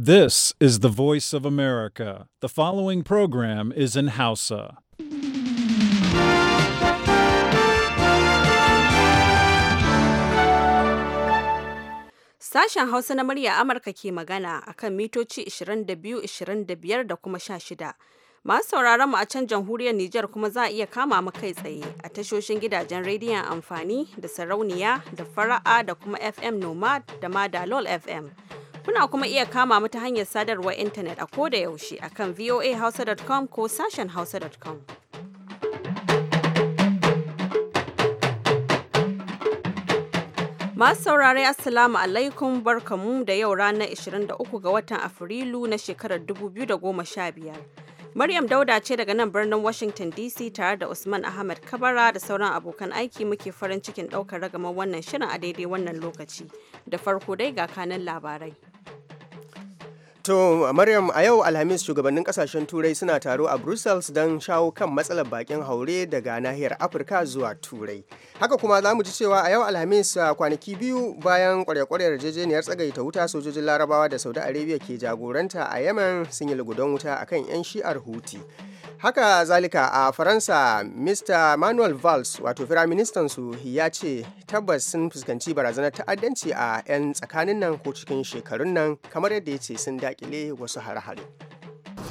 This is the voice of America. The following program is in Hausa. Sashen Hausa na murya Amurka ke magana akan mitoci 22, 25 da kuma 16. Masu sauraron mu a can jamhuriyar Nijar kuma za a iya kama mu kai tsaye a tashoshin gidajen rediyon amfani da sarauniya da fara'a da kuma FM Nomad da ma Dalol FM. Kuna kuma iya kama mu ta hanyar sadarwar intanet a ko da yaushe akan voahausa.com ko sashen hausa.com. Masu saurare Assalamu alaikum barkamu da yau ranar 23 ga watan Afrilu na shekarar 2015. Maryam Dauda ce daga nan birnin Washington DC tare da Usman Ahmad Kabara da sauran abokan aiki muke farin cikin ɗaukar ragamar wannan shirin a daidai wannan lokaci. Da farko dai ga kanan labarai. To Maryam a yau Alhamis shugabannin kasashen Turai suna taro a Brussels don shawo kan matsalar bakin haure daga nahiyar Afirka zuwa Turai. Haka kuma za mu ji cewa a yau Alhamis kwanaki biyu bayan kwarekwarar yarjejeniyar tsagaita wuta sojojin Larabawa da Saudi Arabia ke jagoranta a Yemen sun yi lugudon wuta akan 'yan shi'ar Houthi. haka zalika a faransa mr manuel valls wato firaministan su ya ce tabbas sun fuskanci barazanar ta'addanci a 'yan tsakanin nan ko cikin shekarun nan kamar yadda ya ce sun dakile wasu hare-hare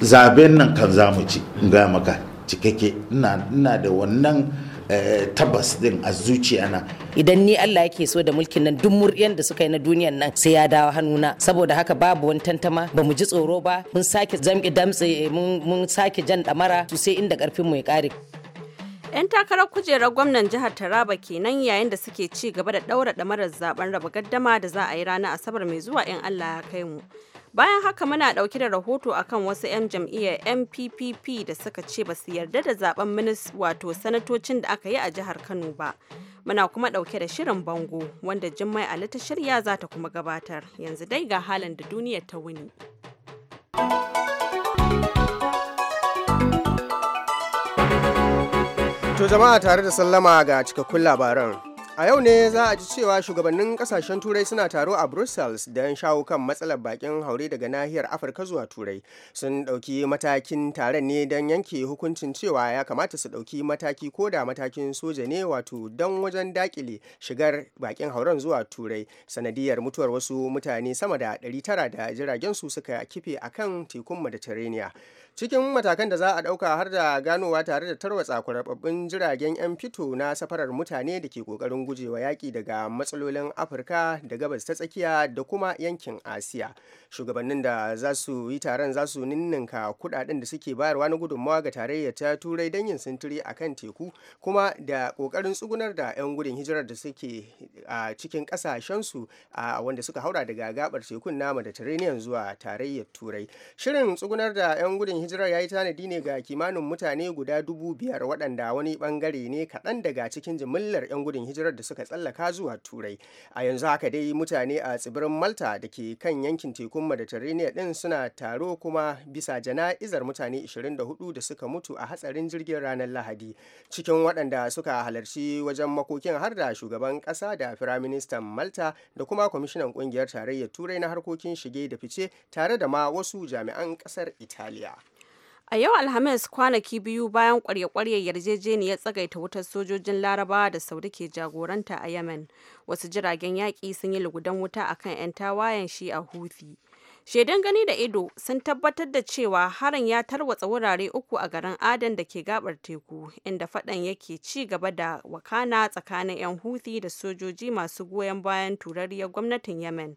zaben nan kan zamu ci gaya maka cikakke ina da wannan Eh, tabbas din a zuciya na idan ni Allah yake so da mulkin nan duk muryan da suka yi na duniyan nan sai ya dawo hannuna saboda haka babu wani tantama ba mu ji tsoro ba mun sake zamki damtse mun sake jan damara sai inda karfin mu ya kare 'Yan takarar kujerar gwamnan jihar Taraba kenan yayin da suke ci gaba da ɗaura damarar zaben raba gaddama da za a yi ranar Asabar mai zuwa 'yan Allah ya kai mu. Bayan haka muna dauke da rahoto akan wasu 'yan jam'iyyar MPPP da suka ce ba su yarda da zaben minis wato sanatocin da aka yi a jihar Kano ba. Muna kuma dauke da shirin bango wanda Jummai Ali ta shirya za ta kuma gabatar. Yanzu dai ga halin da duniya ta wuni. To jama'a tare da sallama ga cikakkun labaran. A yau ne za a ji cewa shugabannin kasashen Turai suna taro a Brussels don shawo kan matsalar bakin haure daga nahiyar Afirka zuwa Turai. Sun ɗauki matakin taron ne don yanke hukuncin cewa ya kamata su ɗauki mataki ko da matakin soja ne wato don wajen dakile shigar bakin hauren zuwa Turai. Sanadiyar mutuwar wasu mutane sama da 900 da jiragen su suka kife akan tekun Mediterranean. cikin matakan da za a ɗauka har da ganowa tare da tarwatsa kwarababbin jiragen 'yan fito na safarar mutane da ke ƙoƙarin gujewa yaƙi daga matsalolin afirka da gabas ta tsakiya da kuma yankin asiya shugabannin da za su yi taron za su ninninka kuɗaɗen da suke bayarwa na gudunmawa ga tarayyar ta turai don yin sintiri a kan teku kuma da ƙoƙarin tsugunar da 'yan gudun hijirar da suke a cikin ƙasashensu a wanda suka haura daga gabar tekun na mediterranean zuwa tarayyar turai shirin tsugunar da 'yan gudun hijirar ya yi tanadi ne ga kimanin mutane guda dubu biyar waɗanda wani ɓangare ne kaɗan daga cikin jimillar 'yan gudun hijirar da suka tsallaka zuwa turai a yanzu haka dai mutane a tsibirin malta da ke kan yankin tekun mediterranean din suna taro kuma bisa jana'izar mutane 24 da suka mutu a hatsarin jirgin ranar lahadi cikin waɗanda suka halarci wajen makokin har da shugaban ƙasa da firaministan malta da kuma kwamishinan ƙungiyar tarayyar turai na harkokin shige da fice tare da ma wasu jami'an ƙasar italiya A yau Alhamis kwanaki biyu bayan kwarye-kwarye yarjejeniyar tsagaita wutar sojojin Larabawa da Saudi ke jagoranta a Yemen, wasu jiragen yaƙi sun yi lugudan wuta akan 'yan tawayen shi a Houthi. Shaidan gani da ido sun tabbatar da cewa harin ya tarwatsa wurare uku a garin Adan da ke gabar teku, inda fadan yake ci gaba da wakana tsakanin 'yan Houthi da sojoji masu goyon bayan turariyar gwamnatin Yemen.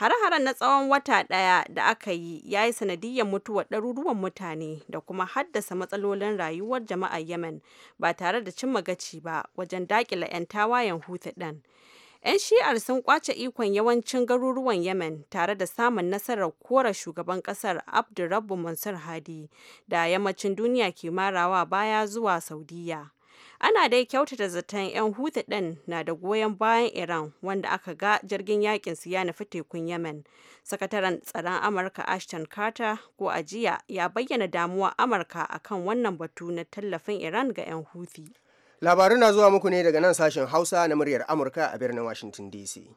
Hare-haren na tsawon wata ɗaya da aka yi ya yi sanadiyyar mutuwar ɗaruruwan mutane da kuma haddasa matsalolin rayuwar jama'ar Yemen ba tare da cimma gaci ba wajen daƙila 'yan tawayen Houthi ɗin. 'Yan shi'ar sun kwace ikon yawancin garuruwan Yemen tare da samun nasarar kora shugaban ƙasar Abdurrabbu Mansur Hadi da yammacin duniya ke marawa baya zuwa Saudiyya. ana dai kyautata zaton 'yan hutu ɗin na da goyon bayan iran wanda aka ga jirgin yakin su ya nufi tekun yemen sakataren tsaron amurka ashton carter ko ajiya ya bayyana damuwar amurka akan wannan batu na tallafin iran ga 'yan huti. labaru na zuwa muku ne daga nan sashen hausa na muryar amurka a birnin washington dc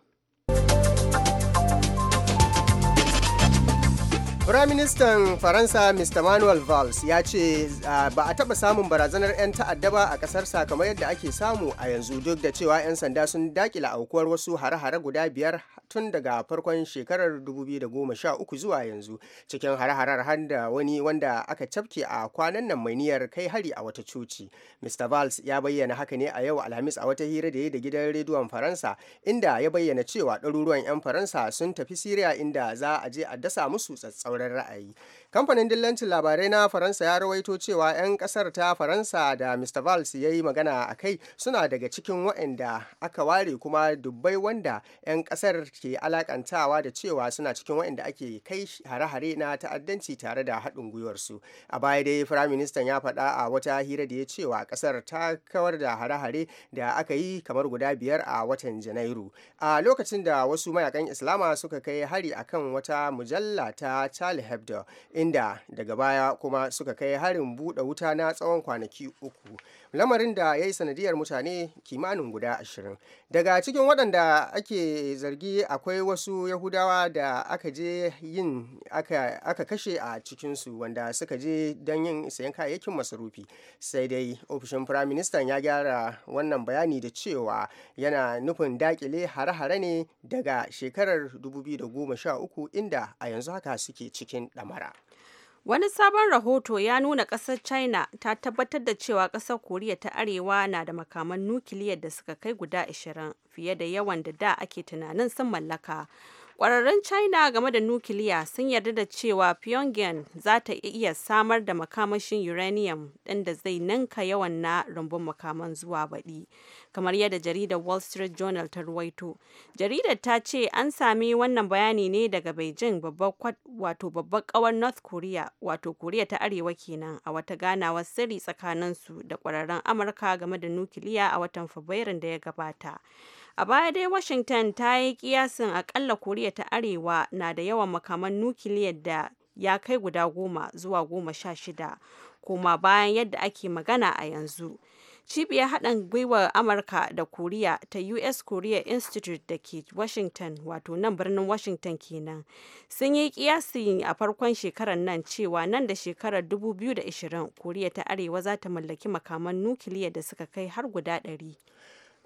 Firaministan Faransa Mr. Manuel Valls ya ce ah, ba a taɓa samun barazanar 'yan ta'adda ba a ƙasarsa kamar yadda ake samu a yanzu duk da cewa 'yan sanda sun dakila aukuwar wasu hare-hare guda biyar tun daga farkon shekarar 2013 zuwa yanzu cikin har-harar har da wani wanda aka cafke a kwanan nan mai niyyar kai hari a wata coci. Mr. Valls ya bayyana haka ne a yau Alhamis a wata hira da ya da gidan rediyon Faransa inda ya bayyana cewa ɗaruruwan 'yan Faransa sun tafi Siriya inda za a je a dasa musu tsatsauran ra'ayi. kamfanin dillancin labarai na faransa ya rawaito cewa 'yan kasar ta faransa da mr valls ya yi magana a kai suna daga cikin waɗanda aka ware kuma dubbai wanda 'yan kasar ke alakantawa da cewa suna cikin waɗanda ake kai hare-hare na ta'addanci tare da haɗin gwiwarsu a baya dai ministan ya faɗa a wata hira da ya cewa kasar ta kawar da hare-hare da aka yi kamar guda biyar a watan janairu a lokacin da wasu mayakan islama suka kai hari akan wata mujalla ta charlie hebdo inda daga baya kuma suka kai harin buɗe wuta na tsawon kwanaki uku lamarin da ya yi sanadiyar mutane kimanin guda ashirin daga cikin waɗanda ake zargi akwai wasu yahudawa da aka je yin aka, kashe a cikinsu wanda suka je don yin sayan kayayyakin masarufi sai dai ofishin firaministan ya gyara wannan bayani da cewa yana nufin dakile hare-hare ne daga shekarar 2013 inda a yanzu haka suke cikin ɗamara. Wani sabon rahoto ya nuna ƙasar China ta tabbatar da cewa ƙasar Koriya ta Arewa na da makaman nukiliyar da suka kai guda 20 fiye da yawan da da ake tunanin sun mallaka. Ƙwararrun China game da nukiliya sun yarda da cewa Pyongyang za ta iya samar da makamashin uranium ɗin da zai ninka yawan na rumbun makaman zuwa baɗi. kamar yadda jaridar Wall Street Journal ta ruwaito. Jaridar ta ce an sami wannan bayani ne daga Beijing wato babbar kawar North Korea wato Korea ta Arewa kenan a wata ganawar sirri tsakaninsu da kwararren Amurka game da nukiliya a watan Fabrairun da ya gabata. A baya dai Washington ta yi kiyasin akalla Koriya ta Arewa na da yawan makaman nukiliyar da ya kai guda goma zuwa goma sha shida, koma bayan yadda ake magana a yanzu. Cibiyar haɗin gwiwar Amurka da Koriya ta US Korea Institute da ke Washington, wato nan birnin Washington kenan, sun yi kiyasi a farkon shekarar nan cewa nan da shekarar 2020 Koriya ta Arewa za ta mallaki makaman nukiliya da suka kai har guda 100.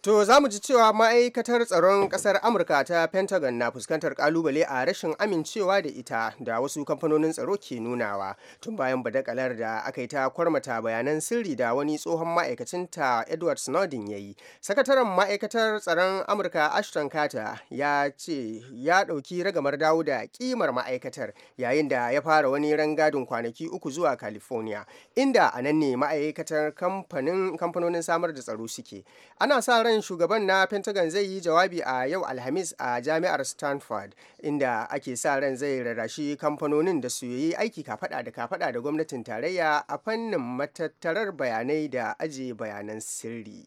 To za mu ji cewa ma'aikatar tsaron ƙasar Amurka ta Pentagon na fuskantar kalubale a rashin amincewa da ita da wasu kamfanonin tsaro ke nunawa tun bayan badakalar da aka yi ta kwarmata bayanan sirri da wani tsohon ma'aikacinta Edward Snowden ya yi. Sakataren ma'aikatar tsaron Amurka Ashton Carter ya ce ya ɗauki ragamar dawo da kimar ma'aikatar yayin da ya fara wani rangadin kwanaki uku zuwa California inda a nan ne ma'aikatar kamfanonin samar da tsaro suke. Ana sa ran Wannan shugaban na Pentagon zai yi jawabi a yau Alhamis a jami'ar Stanford inda ake sa ran zai rarrashi kamfanonin da su yi aiki kafada da kafada da gwamnatin tarayya a fannin matattarar bayanai da ajiye bayanan sirri.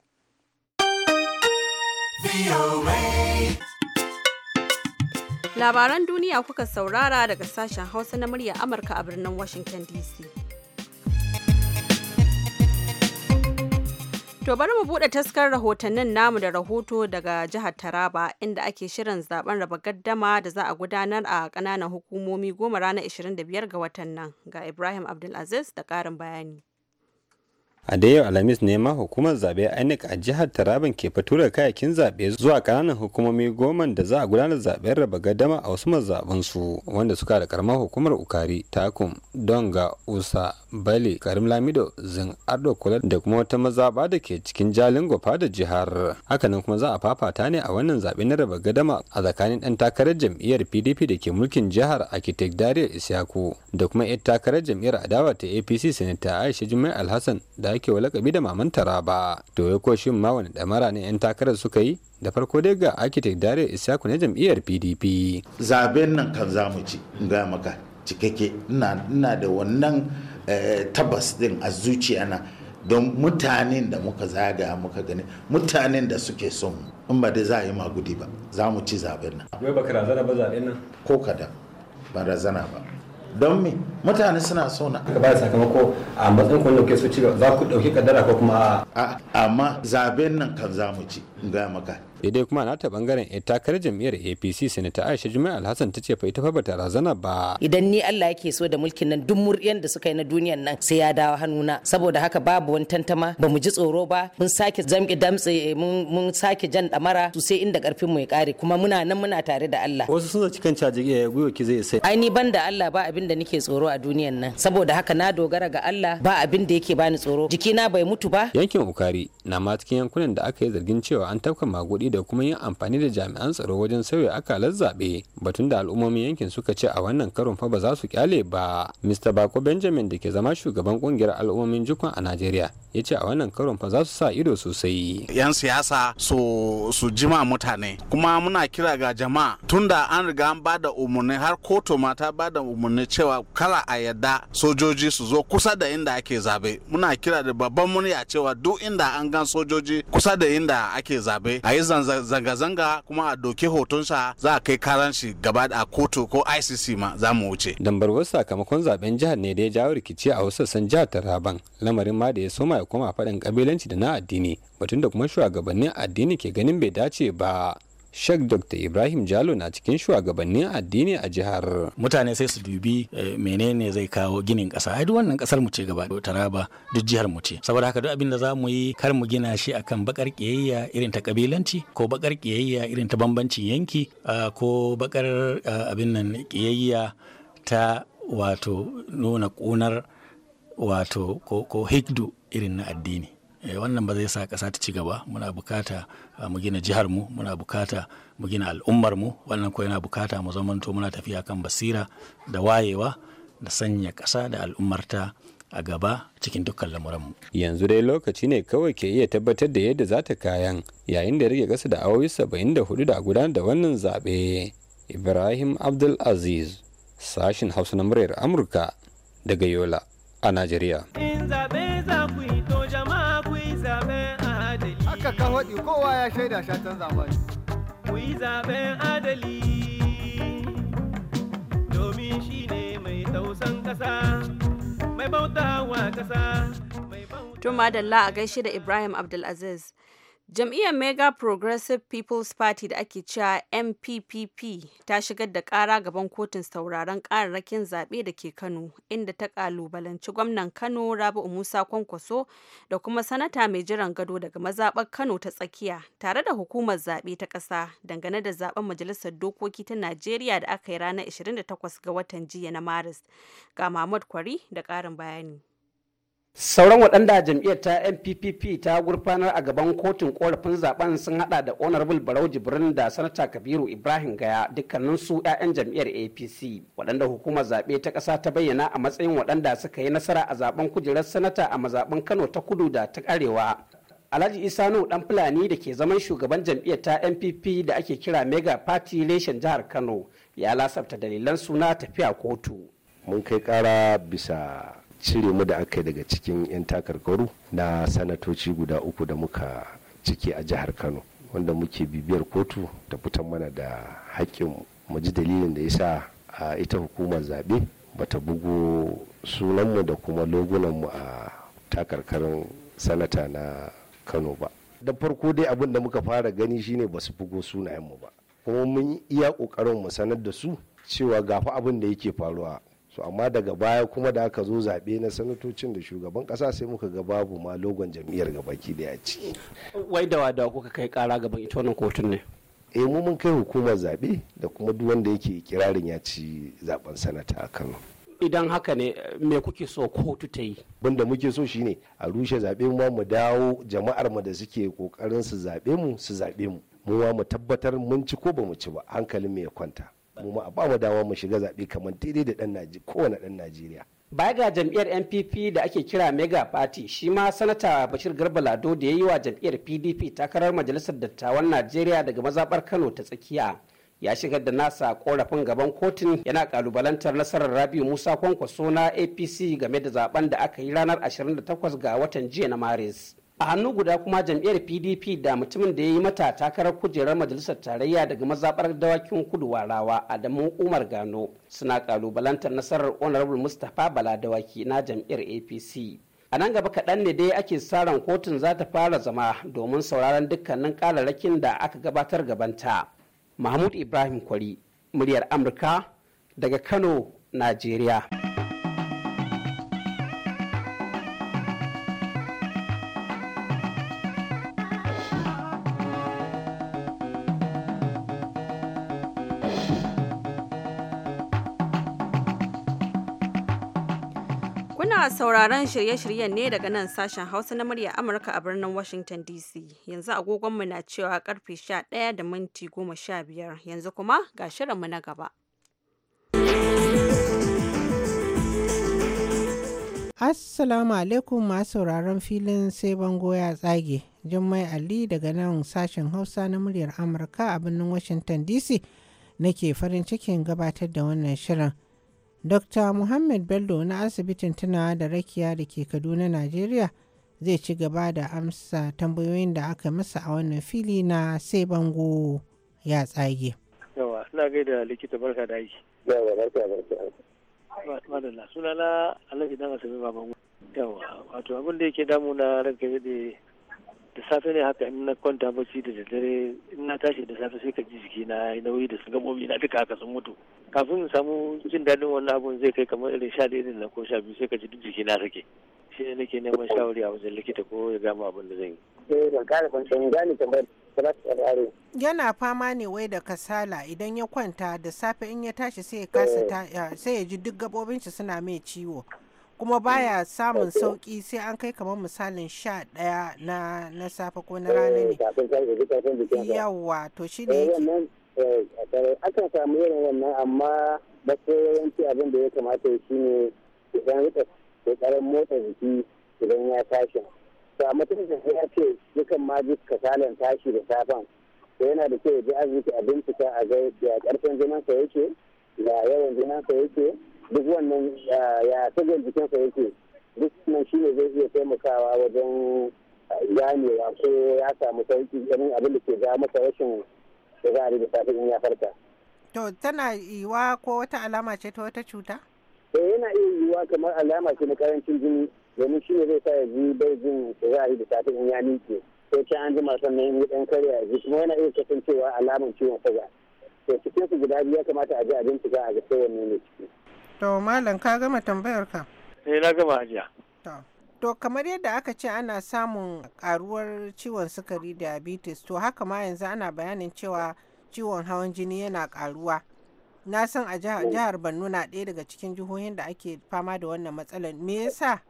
Labaran duniya kuka saurara daga sashen Hausa na murya Amurka a birnin Washington DC. To bari mu buɗe taskar rahotannin namu da rahoto daga jihar Taraba inda ake shirin zaben raba gaddama da za a gudanar a kananan hukumomi goma ranar 25 ga watan nan ga Ibrahim Abdulaziz da karin bayani. a da yau alhamis ne ma hukumar zabe inec a jihar taraban ke fatura kayakin zaɓe zuwa kananan hukumomi goma da za a gudanar zaɓen raba gadama a wasu mazaben su wanda suka da karamar hukumar ukari takum donga usa bale karim lamido zin ardo kula da kuma wata mazaɓa da ke cikin jalin gofa da jihar hakanan kuma za a fafata ne a wannan zabe na raba gadama a tsakanin ɗan takarar jam'iyyar pdp da ke mulkin jihar architect dariya isyaku da kuma 'yar takarar jam'iyyar adawa ta apc senator aisha jumai alhassan da da ake wa lakabi da maman taraba to ya ko shin ma wani damara ne yan takarar suka yi da farko dai ga architect dare ku na jam'iyyar pdp zaben nan kan za mu ci in gaya maka cikakke ina da wannan eh, tabbas din a zuciya na don mutanen da muka zaga muka gani mutanen da suke son in ba da za a yi magudi ba za mu ci zaben nan. ba zaben nan? Ko kada ba razana ba. don me mutane suna so na ba sakamako a matsayin kwallo ke su ci za ku dauki kadara ko kuma a amma zaben nan kan mu ci ga maka idai kuma na ta bangaren eh, takarar jam'iyyar apc sanata aisha jimai alhassan ta ce fa ita fa bata razana ba idan ni allah yake so da mulkin nan duk muryan da suka yi na duniyan nan sai ya dawo hannuna saboda haka babu wani tantama ba mu ji tsoro ba mun sake zamki damtse eh, mun sake jan damara su sai inda karfin mu ya kare kuma muna nan muna tare da allah wasu sun zaci kan caji ya eh, gwiwa ki zai sai ai ni ban da allah ba abin da nake tsoro a duniyan nan saboda haka na dogara ga allah ba abin da yake bani tsoro jikina bai mutu ba yankin ukari na ma cikin yankunan da aka yi zargin cewa an tafka magudi da kuma yin amfani da jami'an tsaro wajen sauya akalar zaɓe batun da al'ummomin yankin suka ce a wannan karon fa ba za su kyale ba mr bako benjamin da ke zama shugaban kungiyar al'ummomin jikon a najeriya ya ce a wannan karon fa za su sa ido sosai yan siyasa su su jima mutane kuma muna kira ga jama'a tunda an riga an ba da umarni har kotu ma ta ba da umarni cewa kala a yadda sojoji su zo kusa da inda ake zabe muna kira da babban murya cewa duk inda an gan sojoji kusa da inda ake zabe a yi zanga-zanga kuma a doke hotonsa za a kai karan shi gaba a kotu ko icc ma za mu wuce dambarwar sakamakon zaben jihar ne da ya jawo rikici a wasu sassan jihar taraban lamarin ma da ya soma ya koma faɗin kabilanci da na addini batun da kuma shugabannin addini ke ganin bai dace ba Sheikh Dr. Ibrahim Jalo na cikin shugabannin addini a jihar. Mutane sai su dubi eh, menene zai kawo ginin ƙasa. Ai duk wannan ƙasar mu ce gaba Taraba duk jihar mu ce. Saboda haka duk abin da za mu yi kar mu gina shi akan bakar ƙiyayya irin ta kabilanci ko bakar kiyayya irin ta bambancin yanki ko bakar abin nan ƙiyayya ta wato nuna ƙunar wato ko hikdu irin na addini. Eh, wannan ba zai sa ƙasa ta ci gaba muna bukata ah, mu gina jihar mu muna bukata mu gina al'ummar mu wannan ko yana bukata mu zamanto muna tafiya kan basira da wayewa da sanya ƙasa da al'ummarta a gaba cikin dukkan lamuran mu. Yanzu dai lokaci ne kawai ke iya tabbatar da yadda za ta kayan yayin da rage ƙasa da awowi saba'in da hudu da gudanar da wannan zaɓe. Ibrahim Abdul Aziz, sashin Hausa na muryar Amurka daga Yola a Najeriya. kowa ya shaida shatan zamani. Ku yi zaben adali domin shi ne mai tausan ƙasa, mai bautawa ƙasa. Tun madalla a gaishe da Ibrahim Abdulaziz. Jam'iyyar Mega Progressive People's Party da ake cewa MPPP ta shigar da ƙara gaban kotun sauraron kararrakin zaɓe da ke Kano, inda ta ƙalubalanci gwamnan Kano Rabi'u Musa Kwankwaso da kuma sanata mai jiran gado daga mazaɓar Kano ta tsakiya tare da hukumar zaɓe ta ƙasa dangane da zaɓen Majalisar Dokoki ta Najeriya da aka yi ranar 28 ga watan jiya na Maris. Ga Mahmud Kwari da ƙarin bayani. sauran waɗanda jam'iyyar ta npp ta gurfanar a gaban kotun korafin zaben sun hada da honorable barau jibrin da sanata kabiru ibrahim gaya dukkanin su 'ya'yan jam'iyyar apc waɗanda hukumar zaɓe ta ƙasa ta bayyana a matsayin waɗanda suka yi nasara a zaben kujerar sanata a mazaɓin kano ta kudu da ta arewa alhaji isa nuhu dan fulani da ke zaman shugaban jam'iyyar ta npp da ake kira mega party reshen jihar kano ya lasafta dalilan suna tafiya kotu mun kai kara bisa cire mu da aka yi daga cikin 'yan takarkaru na sanatoci guda uku da muka cike a jihar kano wanda muke bibiyar kotu ta fitan mana da haƙƙin mu ji dalilin da ya sa a ita hukumar zaɓe bata bugu sunanmu da kuma logunanmu a takarkarin sanata na kano ba da farko dai abin da muka fara gani shine ba su bugo sunayenmu ba kuma mun iya ƙoƙarin mu sanar da su cewa gafi abin da yake faruwa so amma daga baya kuma da aka zo zaɓe na sanatocin da shugaban ƙasa sai muka ga babu ma logon jam'iyyar gabaki da ya ci wai da wada kuka kai ƙara gaban ita wannan kotun ne eh mu mun kai hukumar zaɓe da kuma duk wanda yake kirarin ya ci zaben sanata a Kano idan haka ne me kuke so kotu ta yi Banda muke so shine a rushe zaɓe mu mu dawo jama'ar mu da suke kokarin su zaɓe mu su zaɓe mu mu ma mu tabbatar mun ci ko ba mu ci ba hankalin mu ya kwanta mu a ba mu dama mu shiga zaɓe kamar daidai da ɗan Najeriya kowane ɗan Najeriya. Baya ga jam'iyyar NPP da ake kira Mega Party shi ma sanata Bashir Garba Lado da ya yi wa jam'iyyar PDP takarar majalisar dattawan Najeriya daga mazaɓar Kano ta tsakiya. ya shigar da nasa korafin gaban kotun yana kalubalantar nasarar rabiu musa kwankwaso na apc game da zaben da aka yi ranar 28 ga watan jiya na maris a hannu guda kuma jam'iyyar pdp da mutumin da ya yi mata takarar kujerar majalisar tarayya daga mazaɓar dawakin kudu warawa adamu umar gano suna kalubalantar nasarar honorable mustapha bala dawaki na jam'iyyar apc a nan gaba kaɗan ne dai ake saran kotun za ta fara zama domin sauraron dukkanin kararrakin da aka gabatar gabanta mahmud ibrahim kwari muryar amurka daga kano najeriya sauraron shirye-shiryen ne daga nan sashen Hausa na murya Amurka a birnin Washington DC. Yanzu agogonmu na cewa karfe 11 da minti 15. Yanzu kuma ga shirinmu na gaba. Assalamu alaikum masu sauraron filin sai bango ya tsage. Jummai Ali daga nan sashen Hausa na muryar Amurka a birnin Washington DC nake farin cikin gabatar da wannan shirin. Dr. Muhammad Bello na asibitin tuna da rakiya da ke Kaduna, Najeriya zai ci gaba da amsa tambayoyin da aka masa a wannan fili na sai bango ya tsage. Yawa, ina gaida likita barka da aiki. Yawa, barka barka. da ba Madalla, sunana Alhaji Dan Asabe Babangu. Yawa, wato abin da yake damu na ranka da da safe ne haka in na kwanta bacci da daddare in na tashi da safe sai ka ji jiki na nauyi da sun gabobi na duka haka sun mutu kafin in samu jin daɗin wannan abun zai kai kamar irin sha ɗaya na ko sha biyu sai ka ji duk jiki na sake shi ne nake neman shawari a wajen likita ko ya gama abin da zan yi. Eh, Yana fama ne wai da kasala idan ya kwanta da safe in ya tashi sai ya kasa sai ya ji duk gaɓoɓin shi suna mai ciwo. kuma baya samun sauki sai an kai kamar misalin sha daya na na safe ko na rana ne yawa to shi ne eh, eh, akan samu irin wannan amma ba yawanci abin da ya kamata shi ne idan rika kokarin motsa jiki idan ya tashi to a mutum da ya ce dukan ma ji kasalan tashi da safen to yana da kyau ya ji arziki a bincika a ga ya karfin yake da yawan jinan yake duk wannan ya sajan jikinsa yake duk nan shi ne zai iya taimakawa wajen eh, ganewa ko ya samu sauki ganin abin da ke ga masa rashin a da safe in ya farka. To tana yiwa ko wata alama ce ta wata cuta? Eh yana iya yiwa kamar alama ce na karancin jini domin shi ne zai sa ya ji bai jin a da safe in ya nike. ko ta an jima nan ya dan karya ji kuma yana iya kasancewa alamar ciwon suga. To cikin su guda biyu ya kamata a ji a bincika a ga kowanne ne ciki. To malam ka gama tambayar ka? Eh na gama hajiya. To. kamar yadda aka ce ana samun karuwar ciwon sukari diabetes to haka ma yanzu ana bayanin cewa ciwon hawan jini yana karuwa. Na san a jihar Borno na ɗaya daga cikin jihohin da ake fama da wannan matsalar. Me yasa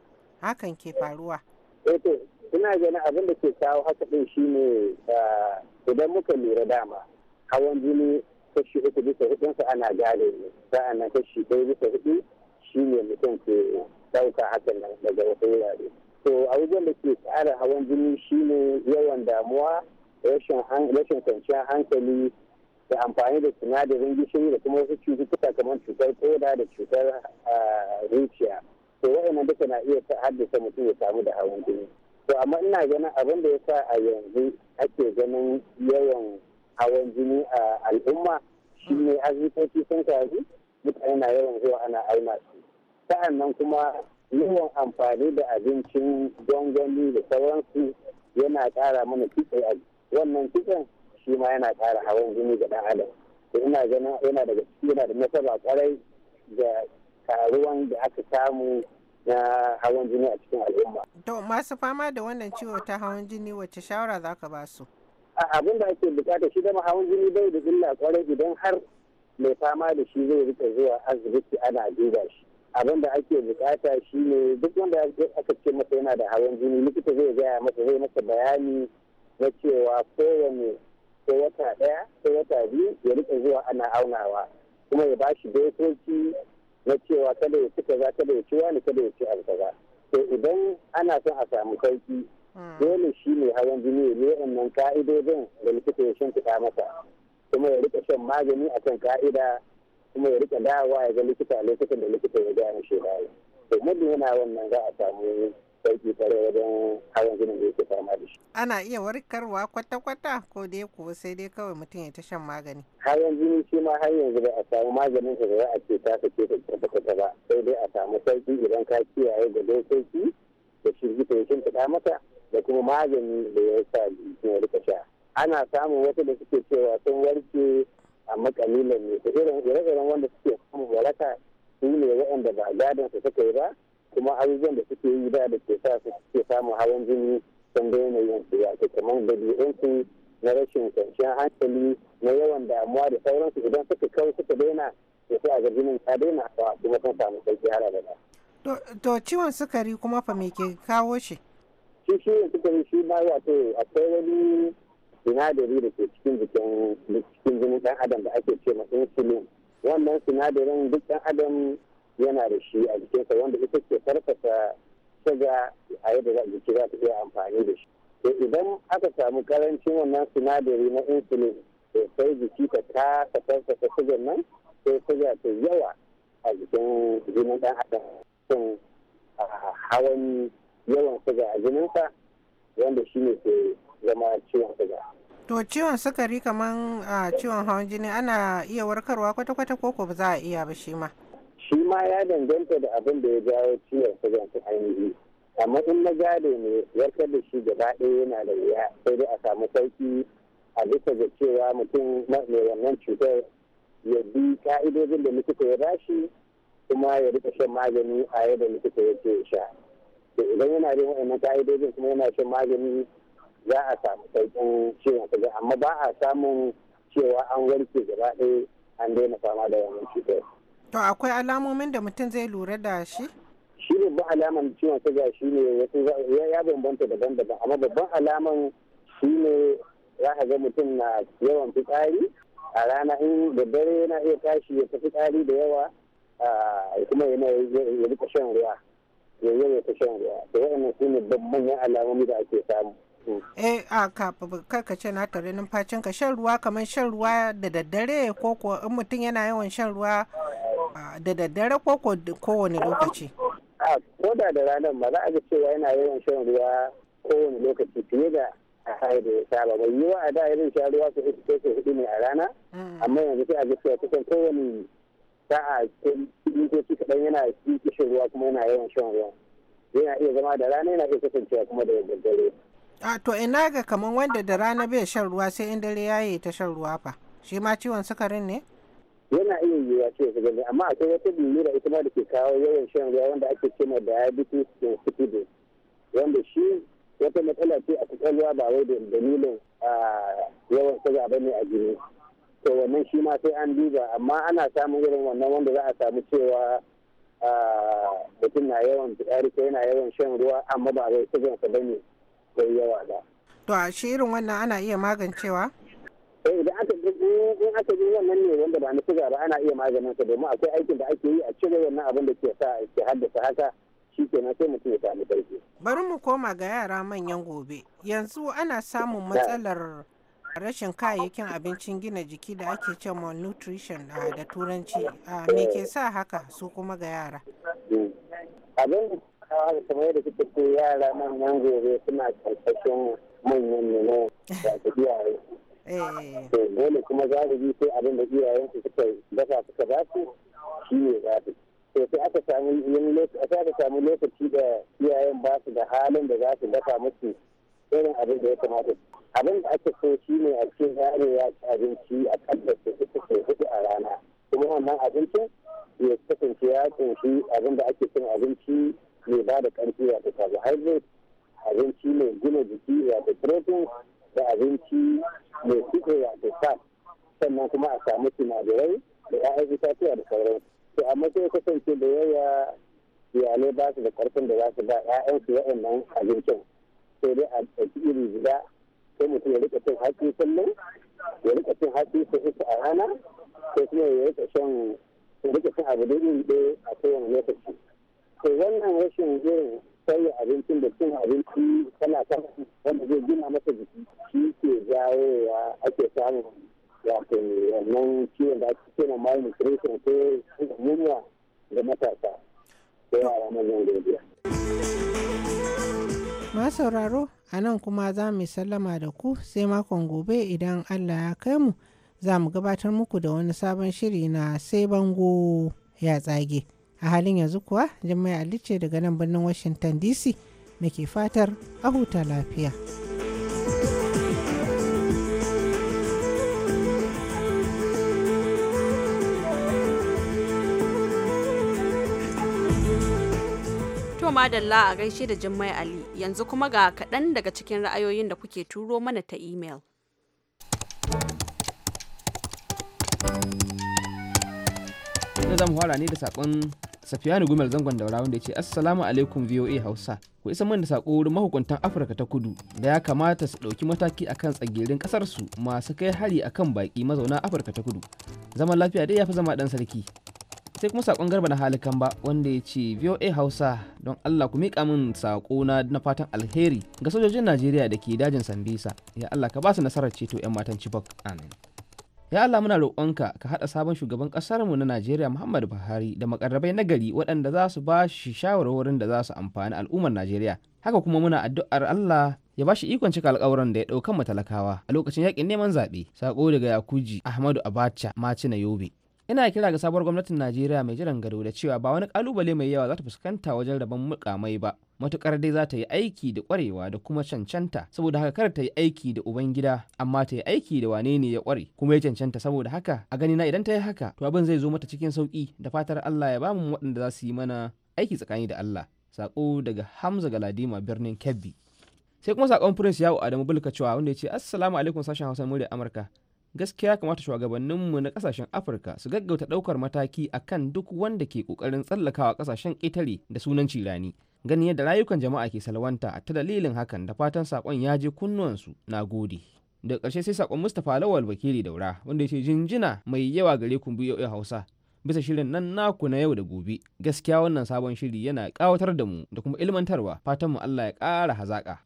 hakan ke faruwa? Eh, ina ganin abin da ke kawo haka ɗin shine eh, idan muka lura dama hawan jini kashi uku bisa hudunsa ana gane ne sa'an nan kashi ɗaya bisa hudu shi ne mutum ke ɗauka hakan nan daga wata wurare to abubuwan da ke tsara hawan jini shine yawan damuwa rashin kwanciyar hankali da amfani da sinadarin gishiri da kuma wasu cututtuka kamar cutar koda da cutar zuciya to wa'annan duka na iya haddasa mutum ya samu da hawan jini to amma ina ganin abin da ya sa a yanzu ake ganin yawan hawan jini a al'umma shi ne asibitoci sun taru mutane na yawan zuwa ana aina su sa'an nan kuma yawan amfani da abincin gwangwani da sauransu yana kara mana kitse a wannan kitsen shi ma yana kara hawan jini ga ɗan adam to ina ganin yana daga yana da nasaba kwarai da karuwan da aka samu na hawan jini a cikin al'umma. To masu fama da wannan ciwo ta hawan jini wacce shawara za ka ba su? abin da ake bukata shi da hawan jini bai da illa kwarai idan har mai fama da shi zai rika zuwa asibiti ana duba shi abin da ake bukata shi ne duk wanda aka ce masa yana da hawan jini likita zai gaya masa zai masa bayani na cewa kowane ko wata ɗaya ko wata biyu ya rika zuwa ana aunawa kuma ya bashi dokoki na cewa kada ya ci kaza kada ya ci wani kada ya ci alkaza to idan ana son a samu sauki dole shi ne hawan jini ne wannan ka'idodin da likita ya shimfiɗa masa kuma ya rika shan magani akan ka'ida kuma ya rika dawowa ya ga likita lokacin da likita ya gane shi dawo to muddin yana wannan za a samu sauki tare wajen hawan jinin da yake fama da shi ana iya warkarwa kwata-kwata ko dai kuwa sai dai kawai mutum ya ta shan magani hawan jini shi ma har yanzu ba a samu maganin da za a ce ta sake ta kwata ba sai dai a samu sauki idan ka kiyaye da dokoki da shirgi ta ya mata da kuma magani da ya sa jikin ya rika sha ana samun wasu da suke cewa sun warke a kalilan ne irin ire-iren wanda suke samun waraka su ne waɗanda ba gadon su suka yi ba kuma abubuwan da suke yi da da ke sa su suke samun hawan jini sun da yanayin su wato kamar dabi'unsu na rashin kwanciyar hankali na yawan damuwa da sauransu idan suka kawo suka daina ya sa a ga jinin ta daina kuma sun samu sauki da ba. To ciwon sukari kuma fa me ke kawo shi? shi shi suka yi shi ma wato akwai wani sinadari da ke cikin jikin cikin jinin dan adam da ake ce ma insulin wannan sinadarin duk dan adam yana da shi a sa wanda ita ke farfasa suga a yadda za jiki za ta iya amfani da shi to idan aka samu karancin wannan sinadari na insulin to sai jiki ta kasa farfasa sugar nan sai suga ta yawa a jikin jinin dan adam hawan yawan suga a jininsa wanda shi ne ke zama ciwon suga. To ciwon sukari kamar a ciwon hawan jini ana iya warkarwa kwata-kwata ko ko ba za a iya ba shi ma. Shi ma ya danganta da abin da ya jawo ciwon sugan su ainihi. Amma in na gado ne warkar da shi gaba ɗaya yana da wuya sai dai a samu sauki a bisa ga cewa mutum mai wannan cutar ya bi ka'idojin da likita ya bashi kuma ya rika shan magani a yadda likita ya ce sha. to idan yana bin wa'annan ka'idojin kuma yana shan magani za a samu sauƙin ciwon kaza amma ba a samun cewa an warke gaba ɗaya an daina fama da wannan cutar. to akwai alamomin da mutum zai lura da shi? shi ne ba alaman ciwon kaza shi ne ya bambanta daban-daban amma babban alaman shi ne za ka ga mutum na yawan fitsari a rana in da dare yana iya tashi ya tafi tsari da yawa kuma yana ya rika shan ruwa ya ta shan ruwa da waɗannan su ne babban ya alamomi da ake samu. eh a ka ce na tare numfashin ka shan ruwa kamar shan ruwa da daddare ko ko in mutum yana yawan shan ruwa da daddare ko ko kowane lokaci a ko da da ranar ma za a ga cewa yana yawan shan ruwa kowane lokaci fiye da a kai da ya saba bai wa a da irin shan ruwa su ke ne a rana mm. amma yanzu sai a ga cewa kusan kowane sa'a a kaɗan yana kishin ruwa kuma yana yawan shan ruwa yana iya zama da rana yana iya kasancewa kuma da dare. a to ina ga kamar wanda da rana bai shan ruwa sai in dare ya yi ta shan ruwa fa shi ma ciwon sukarin ne? yana iya yiwuwa ciwon sukarin amma akwai wata lura ita ma da ke kawo yawan shan ruwa wanda ake cewa diabetes insipidus wanda shi wata matsala ce a kwakwalwa ba wai da dalilin ah, yawan suga ba ne a jini to wannan shi ma sai an duba amma ana samun irin wannan wanda za a samu cewa mutum na yawan fitsari ko yana yawan shan ruwa amma ba zai sigan ba ne ko yawa ba to a shi irin wannan ana iya magancewa eh idan aka in aka wannan ne wanda ba na siga ba ana iya maganin sa domin akwai aikin da ake yi a cire wannan abin da ke sa ke haddasa haka shi kenan sai mutum ya sami barke bari mu koma ga yara manyan gobe yanzu ana samun matsalar rashin kayayyakin abincin gina jiki da ake cewa malnutrition ah, da turanci ah, me ke sa haka su kuma ga yara abin da kamar yadda kuka ce yara manyan gobe suna karkashin manyan nuna da iyaye eh. to dole kuma za bi sai abin da iyayen su suka dafa suka ba su shi ne za su to sai aka samu lokaci da iyayen ba su da halin da za su dafa musu irin abin da ya kamata abin da ake so shi ne a cikin yaro ya ci abinci a kalla su uku hudu a rana kuma wannan abincin ya kasance ya kunshi abin da ake cin abinci ne ba da karfi wato carbohydrate abinci mai gina jiki wato protein da abinci mai kitse wato fat sannan kuma a samu sinadarai da ya'yan itatuwa da sauran to amma sai kasance da yaya iyalai ba su da ƙarfin da za su ba 'ya'yansu waɗannan abincin sai dai a ɗauki iri guda sai mutum ya rika cin hatsi kullum ya rika cin hatsi su uku a rana sai kuma ya rika shan ya rika cin abu da iri ɗaya a kowane lokaci to wannan rashin irin sauya abincin da cin abinci tana kan wanda zai gina masa jiki shi ke jawo ya ake samun wato wannan ciwon da ake kira malnutrition ko sauraro a nan kuma za mu sallama da ku sai makon gobe idan allah ya kai mu za mu gabatar muku da wani sabon shiri na sai bango ya tsage a halin yanzu kuwa jimai alice daga nan birnin washington dc muke fatar a huta lafiya. madalla a gaishe da Jummai Ali. Yanzu kuma ga kaɗan daga cikin ra'ayoyin da kuke turo mana ta email. Ina zamu fara ne da sakon Safiyanu Gumel zangon daura wanda ya ce Assalamu alaikum VOA Hausa. Ku isa man da sako wurin mahukuntan Afirka ta Kudu da ya kamata su ɗauki mataki akan tsagerin ƙasarsu masu kai hari akan baƙi mazauna Afirka ta Kudu. Zaman lafiya dai ya fi zama ɗan sarki. sai kuma sakon garba na halikan ba wanda ya ce voa hausa don allah ku miƙa min sako na na fatan alheri ga sojojin najeriya da ke dajin sambisa ya allah ka ba su nasarar ceto 'yan matan chibok amin ya allah muna roƙonka ka haɗa sabon shugaban ƙasarmu na najeriya muhammadu buhari da makarrabai na gari waɗanda za su ba shi shawarwarin da za su amfani al'ummar najeriya haka kuma muna addu'ar allah ya ba shi ikon cika alƙawuran da ya ɗaukan matalakawa a lokacin yaƙin neman zaɓe sako daga yakuji ahmadu abacha macina yobe yana kira ga sabuwar gwamnatin najeriya mai jiran gado da cewa ba wani kalubale mai yawa za ta fuskanta wajen rabon mukamai ba matukar dai za ta yi aiki da kwarewa da kuma cancanta saboda haka kar ta yi aiki da ubangida amma ta yi aiki da wane ne ya kware kuma ya cancanta saboda haka a gani na idan ta yi haka to abin zai zo mata cikin sauki da fatar Allah ya bamu waɗanda za su yi mana aiki tsakani da Allah sako daga Hamza Galadima birnin Kebbi sai kuma sakon Prince Yawo Adamu Bulka cewa wanda ya ce assalamu alaikum sashen Hausa murya Amurka gaskiya kamata shugabanninmu na kasashen afirka su gaggauta daukar mataki akan duk wanda ke kokarin tsallakawa kasashen ƙetare da sunan cirani ganin yadda rayukan jama'a ke salwanta ta dalilin hakan da fatan sakon ya je kunnuwansu na gode da ƙarshe sai sakon mustapha lawal bakiri daura wanda ya ce jinjina mai yawa gare ku biyo hausa bisa shirin nan naku na yau da gobe gaskiya wannan sabon shiri yana kawatar da mu da kuma ilmantarwa fatan mu allah ya ƙara hazaƙa.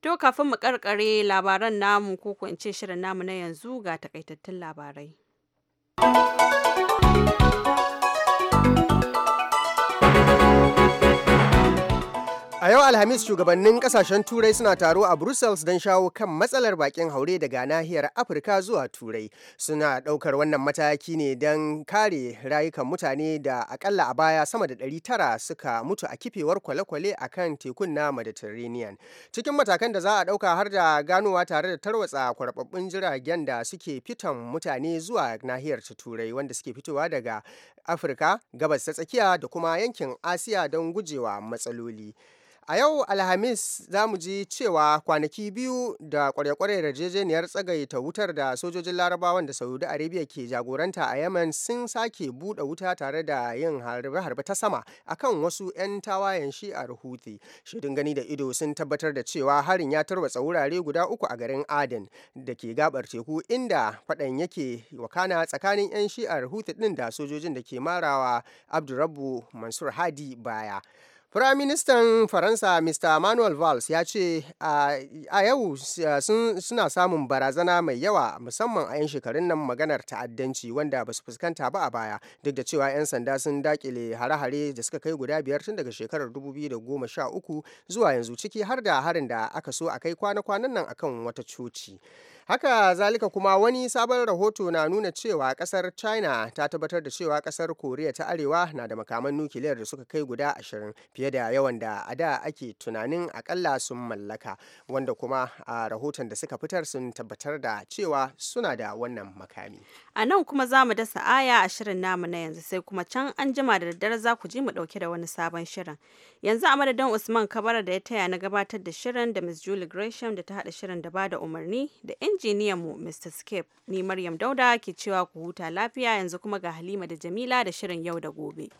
To kafin mu karkare labaran namu ko in shirin namu na yanzu ga takaitattun labarai. alhamis shugabannin kasashen turai suna taro a brussels don shawo kan matsalar bakin haure daga nahiyar afirka zuwa turai suna daukar wannan mataki ne don kare rayukan mutane da akalla a baya sama da 900 suka mutu a kifewar kwale-kwale a kan tekun na mediterranean cikin matakan da za a dauka har da ganowa tare da tarwatsa kwarbabbun jiragen da suke fitan mutane zuwa nahiyar ta turai wanda suke fitowa daga afirka gabas ta tsakiya da kuma yankin asiya don gujewa matsaloli A yau Alhamis za mu ji cewa kwanaki biyu da kware-kware yarjejeniyar tsagaita wutar da sojojin larabawan da Saudi Arabia ke jagoranta a Yemen sun sake buɗe wuta tare da yin harbe-harbe ta sama akan wasu 'yan tawayen shi'ar ruhuti shirin gani da ido sun tabbatar da cewa harin ya tarwatsa wurare guda uku a garin Aden da ke gabar teku inda faɗan yake wakana tsakanin 'yan shi'ar Houthi ɗin da sojojin da ke marawa Abdurrabu Mansur Hadi baya. Firaministan Faransa Mr. Manuel Valls ya ce a yau eh, suna samun barazana mai yawa musamman a 'yan shekarun nan maganar ta'addanci wanda ba su fuskanta ba a baya duk da cewa 'yan sanda sun dakile hare-hare da suka kai guda biyar tun daga shekarar 2013 zuwa yanzu ciki har da harin da aka so a kai kwana-kwanan nan akan wata coci. haka zalika kuma wani sabon rahoto na nuna cewa kasar china ta tabbatar da cewa kasar koriya ta arewa na da makaman nukiliyar da suka kai guda ashirin fiye da yawan da a da ake tunanin akalla sun mallaka wanda kuma a rahoton da suka fitar sun tabbatar da cewa suna da wannan makami A nan kuma za mu dasa aya a shirin namu na yanzu sai kuma can an jima da daddare za ku ji mu dauke da wani sabon shirin. Yanzu a madadin Usman Kabara da ya taya na gabatar da shirin da Miss Julie Gresham da ta hada shirin da bada umarni da injiniyan mu Mr. Skip. Ni Maryam Dauda ke cewa ku huta lafiya yanzu kuma ga Halima da Jamila da shirin yau da gobe.